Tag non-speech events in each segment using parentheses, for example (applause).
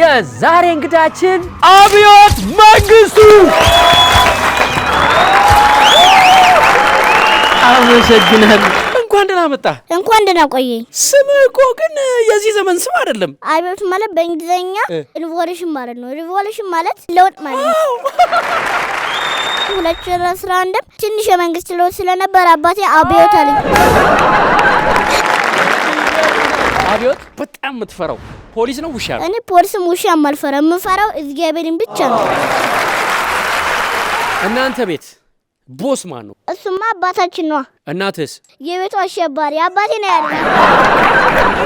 የዛሬ እንግዳችን አብዮት መንግስቱ። አመሰግናለሁ። እንኳን ደህና መጣ። እንኳን ደህና ቆየኝ። ስም እኮ ግን የዚህ ዘመን ስም አይደለም። አብዮት ማለት በእንግሊዝኛ ሪቮሉሽን ማለት ነው። ሪቮሉሽን ማለት ለውጥ ማለት ነው። ሁለት ሺህ አስራ አንድም ትንሽ የመንግስት ለውጥ ስለነበር አባቴ አብዮት አለኝ። አብዮት በጣም የምትፈራው ፖሊስ ነው ውሻ? እኔ ፖሊስም ውሻ አልፈራ የምፈራው እግዚአብሔርን ብቻ ነው። እናንተ ቤት ቦስ ማን ነው? እሱማ አባታችን ነው። እናትስ? የቤቱ አሸባሪ አባቴ ነው ያለ።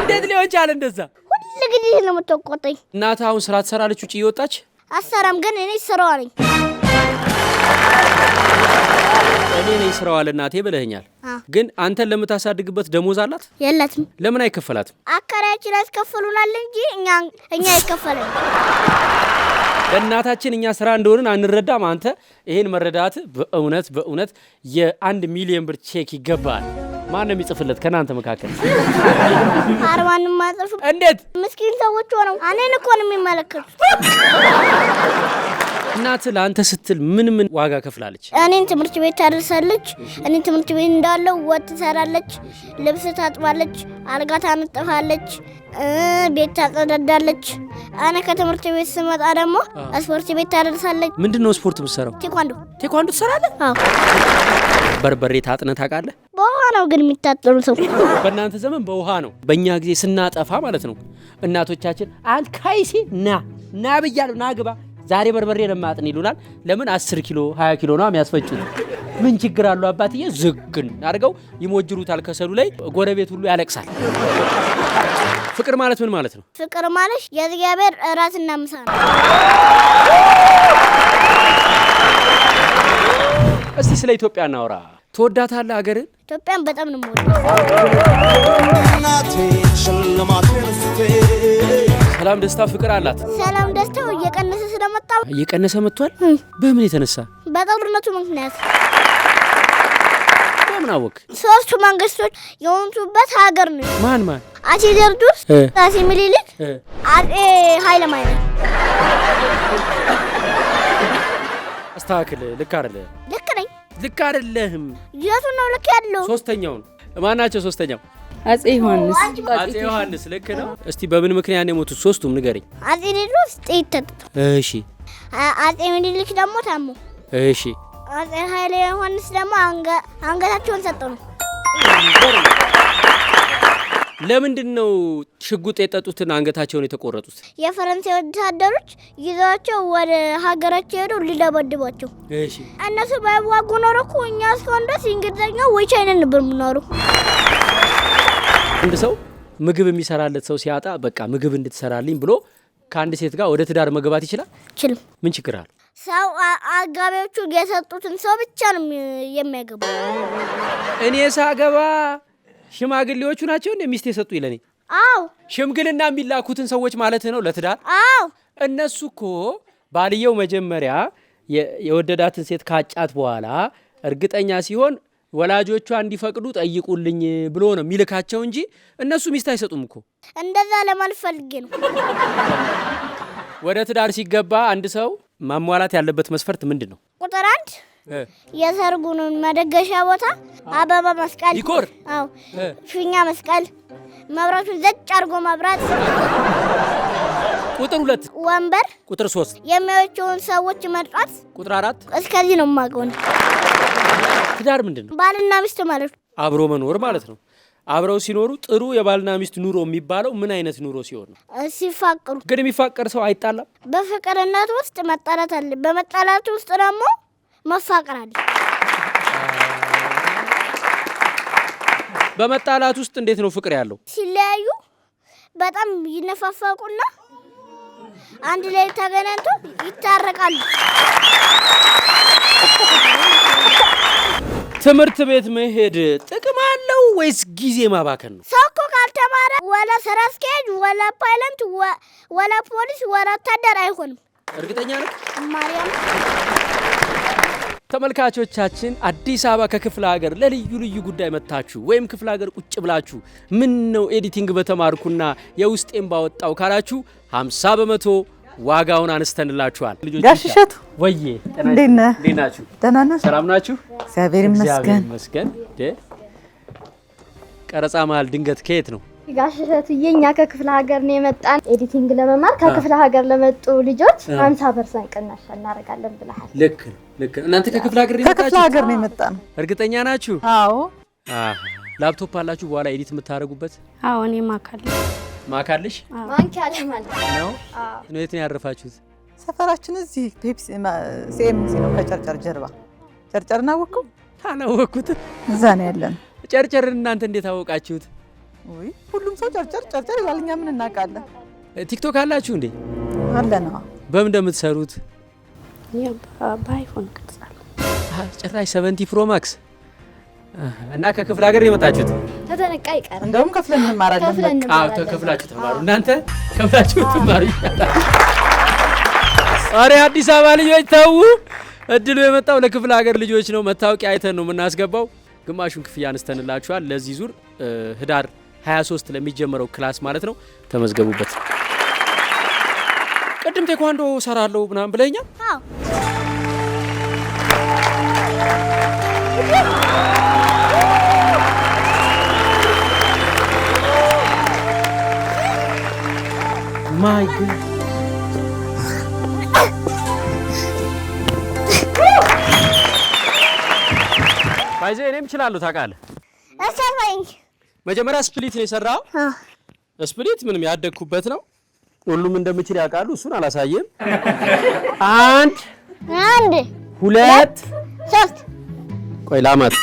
እንዴት ሊሆን ቻለ እንደዛ? ሁሉ ጊዜ ነው የምትቆጠኝ። እናት አሁን ስራ ትሰራለች? ውጭ እየወጣች አሰራም፣ ግን እኔ ስራዋ ነኝ። እኔ ነኝ ስራዋል እናቴ ብለኸኛል። ግን አንተን ለምታሳድግበት ደሞዝ አላት? የላትም? ለምን አይከፈላትም? አከራያችን ያስከፍሉናል እንጂ እኛ እኛ አይከፈልን። በእናታችን እኛ ስራ እንደሆንን አንረዳም። አንተ ይሄን መረዳት በእውነት በእውነት የአንድ ሚሊዮን ብር ቼክ ይገባል። ማን ነው የሚጽፍለት ከእናንተ መካከል? አርባን ማጽፍ እንዴት ምስኪን ሰዎች ሆነው እኔን እኮ ነው የሚመለከቱት። እናት ለአንተ ስትል ምን ምን ዋጋ ከፍላለች? እኔን ትምህርት ቤት ታደርሳለች። እኔ ትምህርት ቤት እንዳለው ወጥ ትሰራለች፣ ልብስ ታጥባለች፣ አልጋ ታነጥፋለች፣ ቤት ታጸዳዳለች። እኔ ከትምህርት ቤት ስመጣ ደግሞ ስፖርት ቤት ታደርሳለች። ምንድን ነው ስፖርት ምሰራው? ቴኳንዶ። ቴኳንዶ ትሰራለህ? በርበሬ ታጥነ ታውቃለህ? በውሃ ነው ግን የሚታጠኑ ሰው (laughs) በእናንተ ዘመን በውሃ ነው። በእኛ ጊዜ ስናጠፋ ማለት ነው እናቶቻችን አልካይሴ ና ና ብያለሁ ና ግባ ዛሬ በርበሬ ለማጥን ይሉናል። ለምን 10 ኪሎ 20 ኪሎ ነው የሚያስፈጩት? ምን ችግር አለው አባትዬ? ዝግን አድርገው ይሞጅሩታል ከሰሉ ላይ። ጎረቤት ሁሉ ያለቅሳል። ፍቅር ማለት ምን ማለት ነው? ፍቅር ማለት የእግዚአብሔር እራትና ምሳ ነው። እስቲ ስለ ኢትዮጵያ እናውራ። ትወዳታለህ ሀገርን? ኢትዮጵያን በጣም ነው ፍቅር አላት። ሰላም፣ ደስታ እየቀነሰ ስለመጣ እየቀነሰ መጥቷል። በምን የተነሳ? በጦርነቱ ምክንያት። በምን አወቅ? ሶስቱ መንግስቶች የሆኑበት ሀገር ነው። ማን ማን? አጼ ቴዎድሮስ፣ አጼ ምኒልክ፣ አጼ ኃይለማርያም። አስተካክል። ልክ አይደለ? ልክ ነኝ። ልክ አይደለህም። ነው ልክ ያለው? ሶስተኛውን ማናቸው? ሶስተኛው አጼ ዮሐንስ አጼ ዮሐንስ ልክ ነው። እስቲ በምን ምክንያት ነው የሞቱት? ሶስቱም ንገረኝ። አጼ ቴዎድሮስ ጥይት ተጥቶ፣ እሺ። አጼ ምኒልክ ደግሞ ታሞ፣ እሺ። አጼ ኃይለ ዮሐንስ ደግሞ አንገታቸውን ሰጠው ነው። ለምንድን ነው ሽጉጥ የጠጡትን አንገታቸውን የተቆረጡት? የፈረንሳይ ወታደሮች ይዘዋቸው ወደ ሀገራቸው ሄደው ሊደበድቧቸው። እነሱ ባይዋጉ ኖሮ እኮ እኛ እስካሁን ድረስ እንግሊዝኛ ወይ ቻይና ነበር ምናሩ አንድ ሰው ምግብ የሚሰራለት ሰው ሲያጣ በቃ ምግብ እንድትሰራልኝ ብሎ ከአንድ ሴት ጋር ወደ ትዳር መግባት ይችላል? ችልም። ምን ችግር አለ? ሰው አጋቢዎቹ የሰጡትን ሰው ብቻ ነው የሚያገባ። እኔ ሳገባ ሽማግሌዎቹ ናቸው እንደ ሚስት የሰጡ ይለኔ። አዎ፣ ሽምግልና የሚላኩትን ሰዎች ማለት ነው ለትዳር። አዎ፣ እነሱ እኮ ባልየው መጀመሪያ የወደዳትን ሴት ካጫት በኋላ እርግጠኛ ሲሆን ወላጆቿ እንዲፈቅዱ ጠይቁልኝ ብሎ ነው የሚልካቸው እንጂ እነሱ ሚስት አይሰጡም እኮ። እንደዛ ለማልፈልግ ነው። ወደ ትዳር ሲገባ አንድ ሰው ማሟላት ያለበት መስፈርት ምንድን ነው? ቁጥር አንድ የሰርጉን መደገሻ ቦታ አበባ መስቀል፣ ዲኮር፣ አዎ ፊኛ መስቀል፣ መብራቱን ዘጭ አድርጎ መብራት። ቁጥር ሁለት ወንበር። ቁጥር ሶስት የሚያዩቸውን ሰዎች መርጣት። ቁጥር አራት እስከዚህ ነው የማውቀው። ትዳር ምንድን ነው? ባልና ሚስት ማለት ነው። አብሮ መኖር ማለት ነው። አብረው ሲኖሩ ጥሩ የባልና ሚስት ኑሮ የሚባለው ምን አይነት ኑሮ ሲሆን ነው? ሲፋቀሩ። ግን የሚፋቀር ሰው አይጣላም። በፍቅርነት ውስጥ መጣላት አለ። በመጣላት ውስጥ ደግሞ መፋቀር አለ። በመጣላት ውስጥ እንዴት ነው ፍቅር ያለው? ሲለያዩ በጣም ይነፋፋቁና አንድ ላይ ተገናኝቶ ይታረቃሉ። ትምህርት ቤት መሄድ ጥቅም አለው ወይስ ጊዜ ማባከን ነው? ሰው እኮ ካልተማረ ወለ ስራ አስኪያጅ፣ ወለ ፓይለንት፣ ወለ ፖሊስ፣ ወለ ወታደር አይሆንም። እርግጠኛ ነው ማርያም። ተመልካቾቻችን አዲስ አበባ ከክፍለ ሀገር ለልዩ ልዩ ጉዳይ መጥታችሁ ወይም ክፍለ ሀገር ቁጭ ብላችሁ ምን ነው ኤዲቲንግ በተማርኩና የውስጤን ባወጣው ካላችሁ 50 በመቶ ዋጋውን አንስተንላችኋል። ጋሽ እሸቱ ወዬ፣ እንዴት ነህ? ደህና ነህ? ሰላም ናችሁ? እግዚአብሔር ይመስገን። ቀረጻ መሀል ድንገት ከየት ነው ጋሽ እሸቱዬ? እኛ ከክፍለ ሀገር ነው የመጣን ኤዲቲንግ ለመማር ከክፍለ ሀገር ለመጡ ልጆች 50 ፐርሰንት ቅናሽ እናደርጋለን ብለሃል። ልክ ነው፣ ልክ ነው። እናንተ ከክፍለ ሀገር ነው ከክፍለ ሀገር ነው የመጣን። እርግጠኛ ናችሁ? አዎ። ላፕቶፕ አላችሁ በኋላ ኤዲት የምታደርጉበት? አዎ፣ እኔ ማካለሁ ማካልሽ ማንኪያ ለማለት ነው። የት ነው ያረፋችሁት? ሰፈራችን እዚህ ፔፕሲ ሲኤምሲ ነው፣ ከጨርጨር ጀርባ። ጨርጨር እናወቅከው? አላወቅኩት። እዛ ነው ያለን። ጨርጨርን እናንተ እንዴት አወቃችሁት? ወይ ሁሉም ሰው ጨርጨር ጨርጨር ይላል። እኛ ምን እናውቃለን? ቲክቶክ አላችሁ እንዴ? አለ አለን። በምን እንደምትሰሩት በአይፎን ቅርጻል። ጭራሽ ሰቨንቲ ፕሮ ማክስ እና ከክፍለ ሀገር የመጣችሁት ሳንቀር አይቀር። እንደውም ከፍለን እንማራለን። ከፍላችሁ ትማሩ እናንተ ከፍላችሁ ትማሩ ይሻላል። ኧረ አዲስ አበባ ልጆች ተዉ። እድሉ የመጣው ለክፍለ ሀገር ልጆች ነው። መታወቂያ አይተን ነው የምናስገባው። ግማሹን ክፍያ አንስተንላችኋል። ለዚህ ዙር ህዳር 23 ለሚጀመረው ክላስ ማለት ነው። ተመዝገቡበት። ቅድም ቴኳንዶ ሰራለሁ ምናምን ብለኛል። My God. ባይዘ እኔም እችላለሁ ታውቃለህ። አሰማኝ መጀመሪያ ስፕሊት ነው የሰራው። ስፕሊት ምንም ያደግኩበት ነው። ሁሉም እንደምችል ያውቃሉ። እሱን አላሳየም። አንድ አንድ ሁለት ሶስት ቆይ ላማት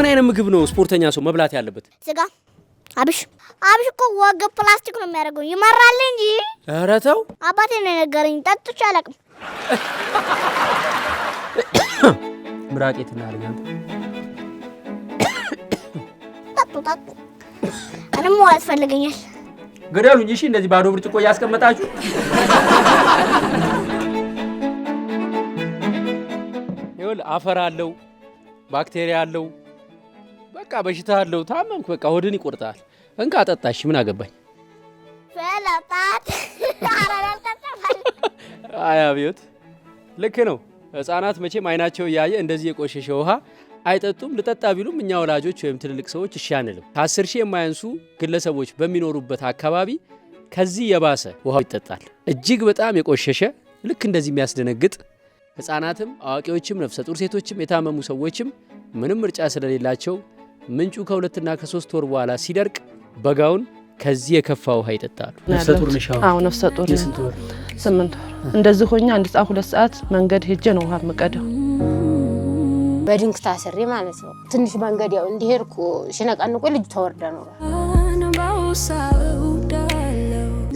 ምን አይነት ምግብ ነው ስፖርተኛ ሰው መብላት ያለበት? ስጋ። አብሽ አብሽ እኮ ወገብ ፕላስቲክ ነው የሚያደርገው። ይመራል እንጂ። ኧረ ተው። አባቴ ነው የነገረኝ። ጠጥቼ አላውቅም። ምራቄ ትናለኝ ጠጡ ጠጡ። እኔም ያስፈልገኛል። እሺ፣ እንደዚህ ባዶ ብርጭቆ እያስቀመጣችሁ ይኸውልህ፣ አፈር አለው፣ ባክቴሪያ አለው በቃ በሽታ አለው ታመምክ፣ በቃ ሆድን ይቆርጣል። እንካ ጠጣሽ፣ ምን አገባኝ። (laughs) አይ አብዮት፣ ልክ ነው። ህጻናት መቼም አይናቸው እያየ እንደዚህ የቆሸሸ ውሃ አይጠጡም። ልጠጣ ቢሉም እኛ ወላጆች ወይም ትልልቅ ሰዎች እሺ አንልም። ከአስር ሺህ የማያንሱ ግለሰቦች በሚኖሩበት አካባቢ ከዚህ የባሰ ውሃው ይጠጣል። እጅግ በጣም የቆሸሸ ልክ እንደዚህ የሚያስደነግጥ ህጻናትም አዋቂዎችም ነፍሰ ጡር ሴቶችም የታመሙ ሰዎችም ምንም ምርጫ ስለሌላቸው ምንጩ ከሁለትና ከሶስት ወር በኋላ ሲደርቅ በጋውን ከዚህ የከፋ ውሃ ይጠጣሉ። ነፍሰ ጡር ስምንት ወር እንደዚህ ሆኛ አንድ ሰዓት ሁለት ሰዓት መንገድ ሄጄ ነው ውሃ የምቀደው በድንክ ታስሬ ማለት ነው። ትንሽ መንገድ ያው እንዲሄድኩ ሲነቃንቆ ልጅ ተወርደ ነው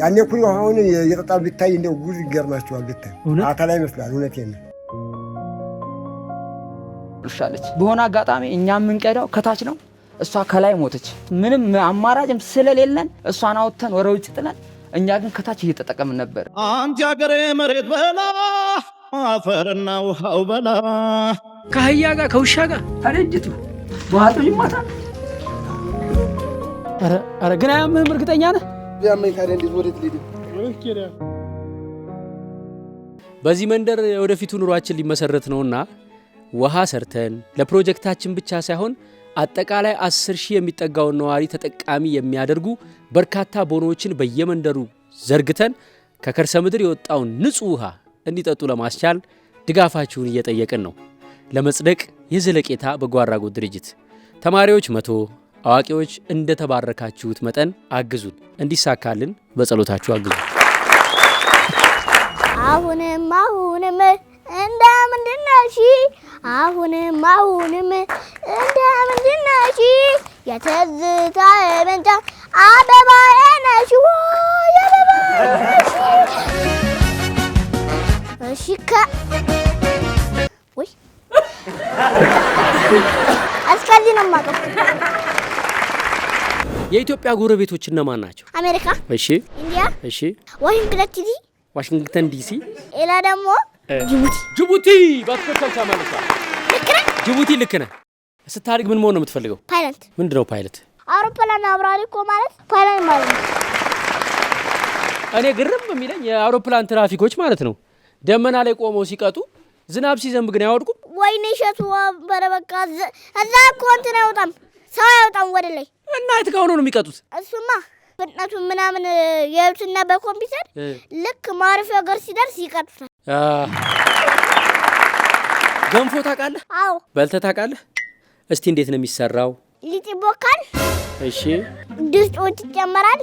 ያኔ ኩኝ ውሃውን የጠጣ ብታይ እንደ ጉድ ይገርማቸዋል። ብታይ አካላዊ ይመስላል እውነት ነው አብልሻለች። በሆነ አጋጣሚ እኛ የምንቀዳው ከታች ነው፣ እሷ ከላይ ሞተች። ምንም አማራጭም ስለሌለን እሷን አውጥተን ወደ ውጭ ጥለን፣ እኛ ግን ከታች እየተጠቀምን ነበር። አንድ ሀገሬ መሬት በላ አፈርና ውሃው በላ ከአህያ ጋር ከውሻ ጋር ታደጅት በኋጡ ባህቶ ግን አያምህም? እርግጠኛ ነህ? በዚህ መንደር ወደፊቱ ኑሯችን ሊመሰረት ነውና ውሃ ሰርተን ለፕሮጀክታችን ብቻ ሳይሆን አጠቃላይ አስር ሺህ የሚጠጋውን ነዋሪ ተጠቃሚ የሚያደርጉ በርካታ ቦኖዎችን በየመንደሩ ዘርግተን ከከርሰ ምድር የወጣውን ንጹህ ውሃ እንዲጠጡ ለማስቻል ድጋፋችሁን እየጠየቅን ነው። ለመጽደቅ የዘለቄታ በጎ አድራጎት ድርጅት ተማሪዎች መቶ አዋቂዎች እንደተባረካችሁት መጠን አግዙን፣ እንዲሳካልን በጸሎታችሁ አግዙ። አሁንም አሁንም እንደምንድነሽ አሁንም አሁንም እንደምንድነሽ የትዝታ መንጫ አበባዬ ነሽ እሺ ወይ አስከዚህ ነው የማውቀው። የኢትዮጵያ ጎረቤቶች እነማን ናቸው? አሜሪካ፣ እሺ፣ ኢንዲያ፣ እሺ፣ ዋሽንግተን ዲሲ ዋሽንግተን ዲሲ ሌላ ደግሞ ጅቡቲ በአትኮቻቻ ማለት ጅቡቲ ልክ ነህ። ስታድግ ምን መሆን ነው የምትፈልገው? ፓይለት። ምንድን ነው ፓይለት? አውሮፕላን አብራሪ እኮ ማለት ፓይለት ማለት ነው። እኔ ግርም የሚለኝ የአውሮፕላን ትራፊኮች ማለት ነው ደመና ላይ ቆመው ሲቀጡ ዝናብ ሲዘንብ ግን አያወድቁም። ወይኔ እሸቱ ወንበረ በቃ እዛ እኮ እንትን አይወጣም፣ ሰው አይወጣም ወደ ላይ እና የት ጋር ሆኖ ነው የሚቀጡት? እሱማ ፍጥነቱ ምናምን የብትና በኮምፒውተር ልክ ማረፊያ ገር ሲደርስ ይቀጡታል። ገንፎ ታውቃለህ? አዎ። በልተህ ታውቃለህ? እስቲ እንዴት ነው የሚሰራው? ሊጥ ይቦካል። እሺ። ድስት ወጥ ይጨመራል።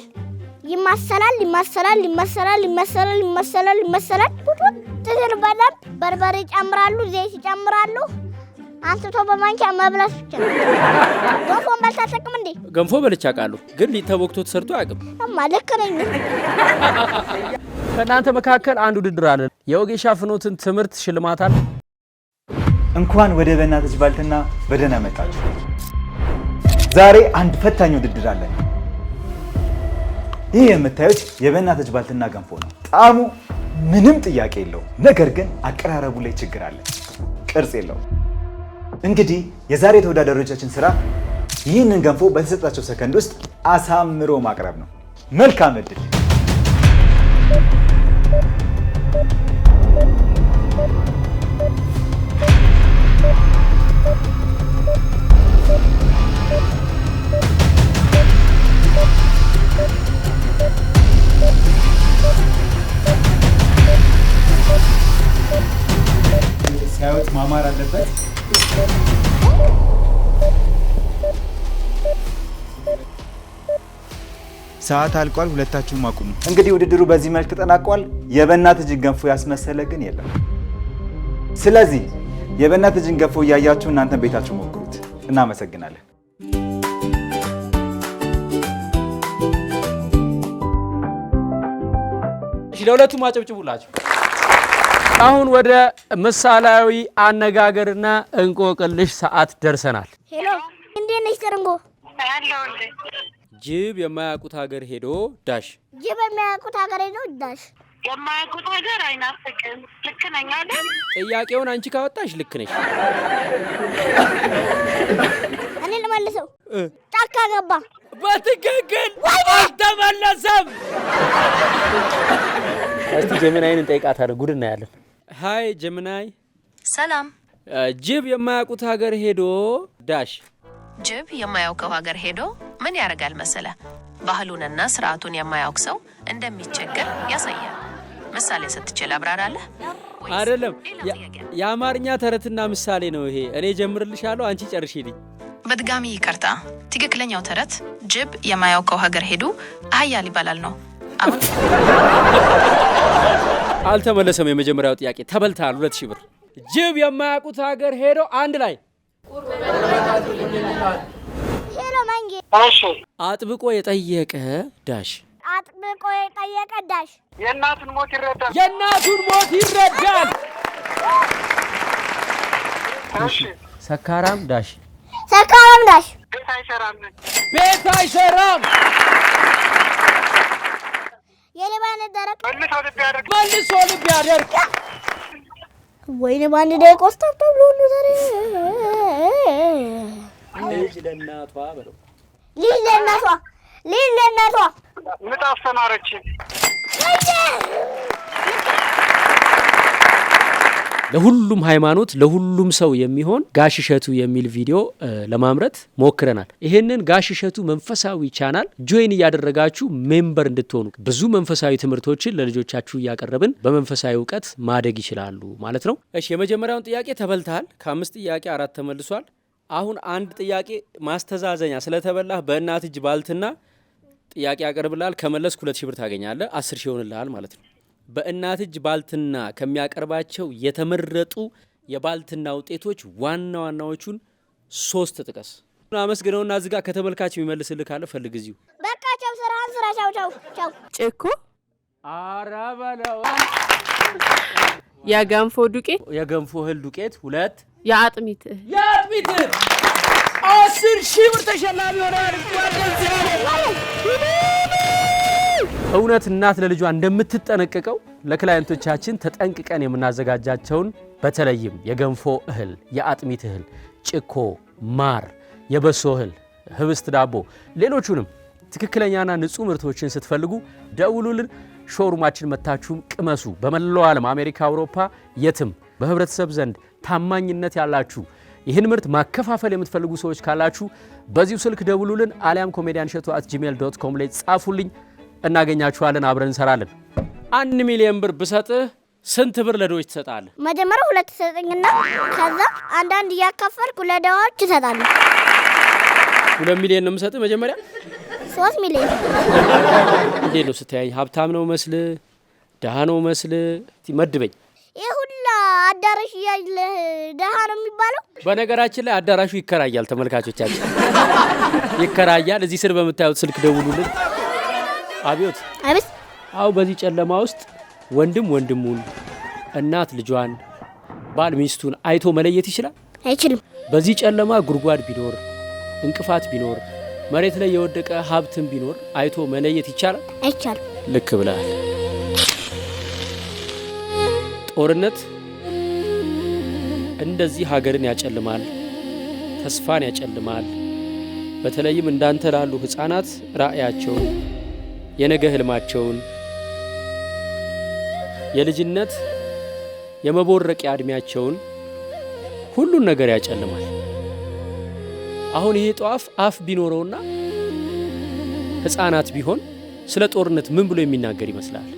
ይማሰላል፣ ይማሰላል፣ ይማሰላል፣ ይማሰላል፣ ይማሰላል፣ ይማሰላል። ትትል በደንብ በርበሬ ይጨምራሉ፣ ዘይት ይጨምራሉ። አንስቶ በማንኪያ መብላት ብቻ። ገንፎን በልተህ አታውቅም እንዴ? ገንፎ በልቼ አውቃለሁ፣ ግን ሊጥ ተቦክቶ ተሰርቶ አያውቅም። እማ ልክ ነኝ። ከእናንተ መካከል አንድ ውድድር አለ የወጌሻ ፍኖትን ትምህርት ሽልማታል እንኳን ወደ በእናትሽ ባልትና በደህና መጣችሁ። ዛሬ አንድ ፈታኝ ውድድር አለን። ይህ የምታዩት የበእናትሽ ባልትና ገንፎ ነው። ጣዕሙ ምንም ጥያቄ የለው፣ ነገር ግን አቀራረቡ ላይ ችግር አለ፣ ቅርጽ የለው እንግዲህ የዛሬ ተወዳዳሪዎቻችን ስራ ይህንን ገንፎ በተሰጣቸው ሰከንድ ውስጥ አሳምሮ ማቅረብ ነው። መልካም እድል አለበት። ሰዓት አልቋል። ሁለታችሁም አቁሙ። እንግዲህ ውድድሩ በዚህ መልክ ተጠናቋል። የበናት እጅን ገንፎ ያስመሰለ ግን የለም። ስለዚህ የበናት እጅን ገንፎ እያያችሁ እናንተን ቤታችሁ ሞክሩት። እናመሰግናለን። ለሁለቱም አጨብጭቡላቸው። አሁን ወደ ምሳሌያዊ አነጋገርና እንቆቅልሽ ሰዓት ደርሰናል። ሄሎ እንዴት ነሽ ጥርንጎ? ጅብ የማያውቁት ሀገር ሄዶ ዳሽ። ጅብ የማያውቁት ሀገር ሄዶ ዳሽ። የማያውቁት ሀገር አይናፍቅም። ልክ ነኝ አይደል? ጥያቄውን አንቺ ካወጣሽ ልክ ነሽ። እኔ ልመልሰው። ጫካ ገባ። በትክክል አልተመለሰም። እስቲ ጀሚናይን እንጠይቃታለን። ጉድ እናያለን። ሀይ ጀምናይ ሰላም። ጅብ የማያውቁት ሀገር ሄዶ ዳሽ ጅብ የማያውቀው ሀገር ሄዶ ምን ያደርጋል መሰለ? ባህሉንና ስርዓቱን የማያውቅ ሰው እንደሚቸገር ያሳያል። ምሳሌ ስትችል አብራራለህ። አይደለም የአማርኛ ተረትና ምሳሌ ነው ይሄ። እኔ ጀምርልሻለሁ፣ አንቺ ጨርሽልኝ። በድጋሚ ይቅርታ። ትክክለኛው ተረት ጅብ የማያውቀው ሀገር ሄዱ አህያል ይባላል ነው አሁን አልተመለሰም። የመጀመሪያው ጥያቄ ተበልተሃል። ሁለት ሺህ ብር ጅብ የማያውቁት ሀገር ሄደው አንድ ላይ አጥብቆ የጠየቀ ዳሽ አጥብቆ የጠየቀ ዳሽ የእናቱን ሞት ይረዳል። የእናቱን ሞት ይረዳል። ሰካራም ዳሽ ሰካራም ዳሽ ቤት አይሰራም። ቤት አይሰራም። የሌባን ደረቅ መልሶ ልብ ያደርቅ። ወይኔ ባንድ ደቂቃ ውስጥ ብሎ ዛሬ ልጅ ለእናቷ በለው ልጅ ለእናቷ ልጅ ለእናቷ ምጣፍ ተማረች። ለሁሉም ሃይማኖት ለሁሉም ሰው የሚሆን ጋሽ እሸቱ የሚል ቪዲዮ ለማምረት ሞክረናል። ይህንን ጋሽ እሸቱ መንፈሳዊ ቻናል ጆይን እያደረጋችሁ ሜምበር እንድትሆኑ ብዙ መንፈሳዊ ትምህርቶችን ለልጆቻችሁ እያቀረብን በመንፈሳዊ እውቀት ማደግ ይችላሉ ማለት ነው። እሺ፣ የመጀመሪያውን ጥያቄ ተበልተሃል። ከአምስት ጥያቄ አራት ተመልሷል። አሁን አንድ ጥያቄ ማስተዛዘኛ ስለተበላህ በእናት እጅ ባልትና ጥያቄ ያቀርብልሃል። ከመለስ ሁለት ሺህ ብር ታገኛለህ። አስር ሺ ይሆንልሃል ማለት ነው። በእናት እጅ ባልትና ከሚያቀርባቸው የተመረጡ የባልትና ውጤቶች ዋና ዋናዎቹን ሶስት ጥቀስ። አመስግነውና እዚህ ጋር ከተመልካች የሚመልስልህ ካለ ፈልግ እዚሁ። በቃ ቻው፣ ስራህን ስራ። ቻው ቻው ቻው። ጭኮ ኧረ የገንፎ ዱቄት የገንፎ እህል ዱቄት ሁለት። የአጥሚት የአጥሚት አስር ሺህ ብር ተሸላሚ ሆናል። እውነት እናት ለልጇ እንደምትጠነቀቀው ለክላይንቶቻችን ተጠንቅቀን የምናዘጋጃቸውን በተለይም የገንፎ እህል፣ የአጥሚት እህል፣ ጭኮ፣ ማር፣ የበሶ እህል፣ ህብስት ዳቦ፣ ሌሎቹንም ትክክለኛና ንጹህ ምርቶችን ስትፈልጉ ደውሉልን። ሾሩማችን መታችሁም ቅመሱ። በመላው ዓለም አሜሪካ፣ አውሮፓ፣ የትም በህብረተሰብ ዘንድ ታማኝነት ያላችሁ ይህን ምርት ማከፋፈል የምትፈልጉ ሰዎች ካላችሁ በዚሁ ስልክ ደውሉልን፣ አሊያም ኮሜዲያን እሸቱ አት ጂሜል ዶት ኮም ላይ ጻፉልኝ። እናገኛችኋለን። አብረን እንሰራለን። አንድ ሚሊዮን ብር ብሰጥህ ስንት ብር ለድሆች ትሰጣለህ? መጀመሪያ ሁለት ሰጠኝና ከዛ አንዳንድ እያካፈልኩ ለድሆች እሰጣለሁ። ሁለት ሚሊዮን ነው የምሰጥህ መጀመሪያ ሶስት ሚሊዮን። እንዴት ነው ስታየኝ? ሀብታም ነው መስል ደሃ ነው መስል መድበኝ። ይህ ሁላ አዳራሽ እያለህ ደሃ ነው የሚባለው? በነገራችን ላይ አዳራሹ ይከራያል። ተመልካቾቻችን ይከራያል። እዚህ ስር በምታዩት ስልክ ደውሉልን። አብዮት አብስ አው በዚህ ጨለማ ውስጥ ወንድም ወንድሙን፣ እናት ልጇን፣ ባል ሚስቱን አይቶ መለየት ይችላል? አይችልም። በዚህ ጨለማ ጉድጓድ ቢኖር፣ እንቅፋት ቢኖር፣ መሬት ላይ የወደቀ ሀብትም ቢኖር አይቶ መለየት ይቻላል? አይቻልም። ልክ ብለሃል። ጦርነት እንደዚህ ሀገርን ያጨልማል፣ ተስፋን ያጨልማል። በተለይም እንዳንተ ላሉ ህፃናት ራዕያቸው የነገ ህልማቸውን የልጅነት የመቦረቂያ ዕድሜያቸውን ሁሉን ነገር ያጨልማል። አሁን ይሄ ጧፍ አፍ ቢኖረውና ህፃናት ቢሆን ስለ ጦርነት ምን ብሎ የሚናገር ይመስላል?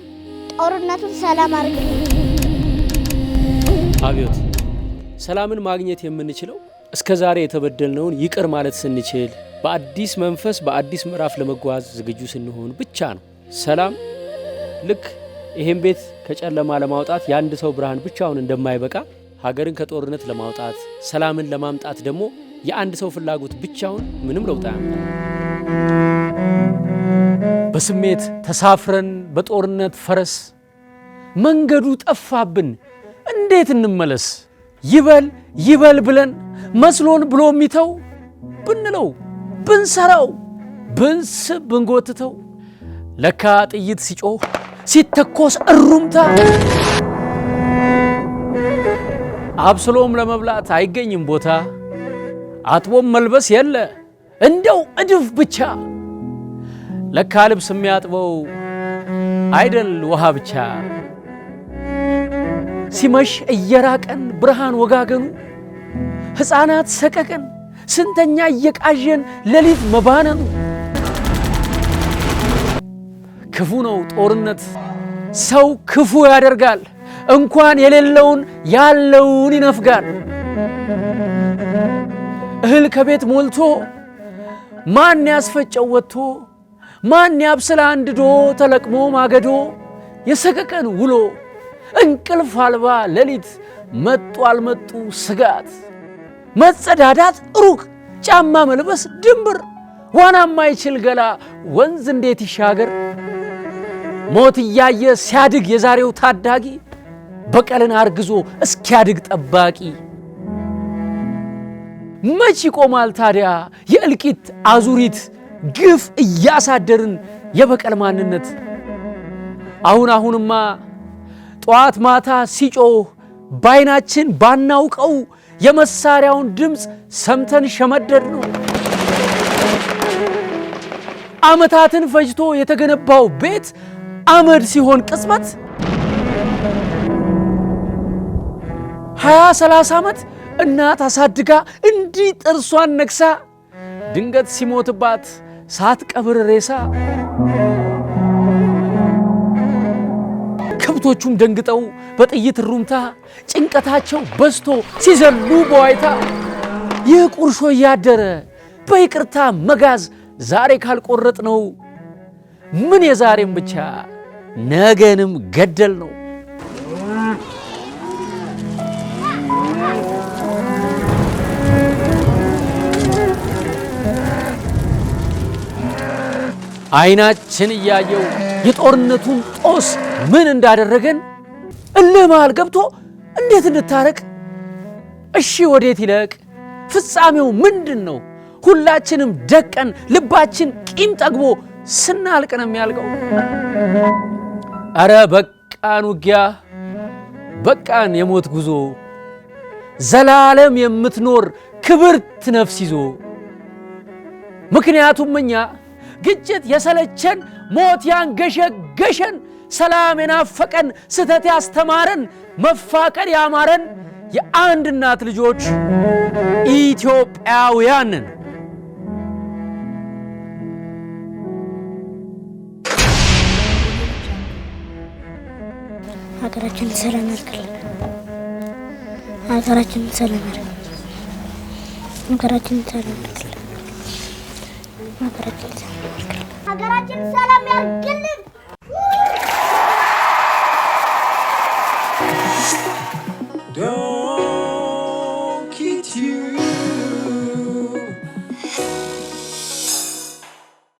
ጦርነቱን ሰላም አርግ። አብዮት ሰላምን ማግኘት የምንችለው እስከ ዛሬ የተበደልነውን ይቅር ማለት ስንችል በአዲስ መንፈስ በአዲስ ምዕራፍ ለመጓዝ ዝግጁ ስንሆን ብቻ ነው። ሰላም ልክ ይህም ቤት ከጨለማ ለማውጣት የአንድ ሰው ብርሃን ብቻውን እንደማይበቃ፣ ሀገርን ከጦርነት ለማውጣት ሰላምን ለማምጣት ደግሞ የአንድ ሰው ፍላጎት ብቻውን ምንም ለውጥ አያመጣም። በስሜት ተሳፍረን በጦርነት ፈረስ መንገዱ ጠፋብን፣ እንዴት እንመለስ? ይበል ይበል ብለን መስሎን ብሎ የሚተው ብንለው ብንሰራው ብንስብ ብንጎትተው ለካ ጥይት ሲጮህ ሲተኮስ እሩምታ አብስሎም ለመብላት አይገኝም ቦታ፣ አጥቦም መልበስ የለ እንደው እድፍ ብቻ። ለካ ልብስ የሚያጥበው አይደል ውሃ ብቻ። ሲመሽ እየራቀን ብርሃን ወጋገኑ ሕፃናት ሰቀቀን ስንተኛ እየቃዠን ሌሊት መባነኑ ክፉ ነው። ጦርነት ሰው ክፉ ያደርጋል። እንኳን የሌለውን ያለውን ይነፍጋል። እህል ከቤት ሞልቶ ማን ያስፈጨው ወጥቶ ማን ያብስላ አንድዶ ተለቅሞ ማገዶ የሰቀቀን ውሎ እንቅልፍ አልባ ሌሊት መጡ አልመጡ ስጋት መጸዳዳት ሩቅ፣ ጫማ መልበስ ድንብር፣ ዋና ማይችል ገላ ወንዝ እንዴት ይሻገር? ሞት እያየ ሲያድግ የዛሬው ታዳጊ በቀልን አርግዞ እስኪያድግ ጠባቂ መች ይቆማል ታዲያ የእልቂት አዙሪት ግፍ እያሳደርን የበቀል ማንነት አሁን አሁንማ ጠዋት ማታ ሲጮህ ባይናችን ባናውቀው የመሳሪያውን ድምፅ ሰምተን ሸመደድ ነው። ዓመታትን ፈጅቶ የተገነባው ቤት አመድ ሲሆን ቅጽበት ሀያ ሰላሳ ዓመት እናት አሳድጋ እንዲህ ጥርሷን ነክሳ ድንገት ሲሞትባት ሳትቀብር ሬሳ ሴቶቹም ደንግጠው በጥይት ሩምታ ጭንቀታቸው በዝቶ ሲዘሉ በዋይታ ይህ ቁርሾ እያደረ በይቅርታ መጋዝ ዛሬ ካልቆረጥ ነው ምን የዛሬም ብቻ ነገንም ገደል ነው። አይናችን እያየው የጦርነቱን ጦስ ምን እንዳደረገን እልህ መሃል ገብቶ እንዴት እንታረቅ፣ እሺ ወዴት ይለቅ፣ ፍጻሜው ምንድን ነው? ሁላችንም ደቀን ልባችን ቂም ጠግቦ ስናልቅ ነው የሚያልቀው። አረ በቃን ውጊያ፣ በቃን የሞት ጉዞ፣ ዘላለም የምትኖር ክብርት ነፍስ ይዞ ምክንያቱም እኛ ግጭት የሰለቸን ሞት ያንገሸገሸን ሰላም የናፈቀን ስህተት ያስተማረን መፋቀር ያማረን የአንድ እናት ልጆች ኢትዮጵያውያንን ሀገራችን ሰላም ያርግልን። ሀገራችን ሰላም ያርግልን። ሀገራችን ሰላም ያርግልን። ሀገራችን ሰላም ያርግልን።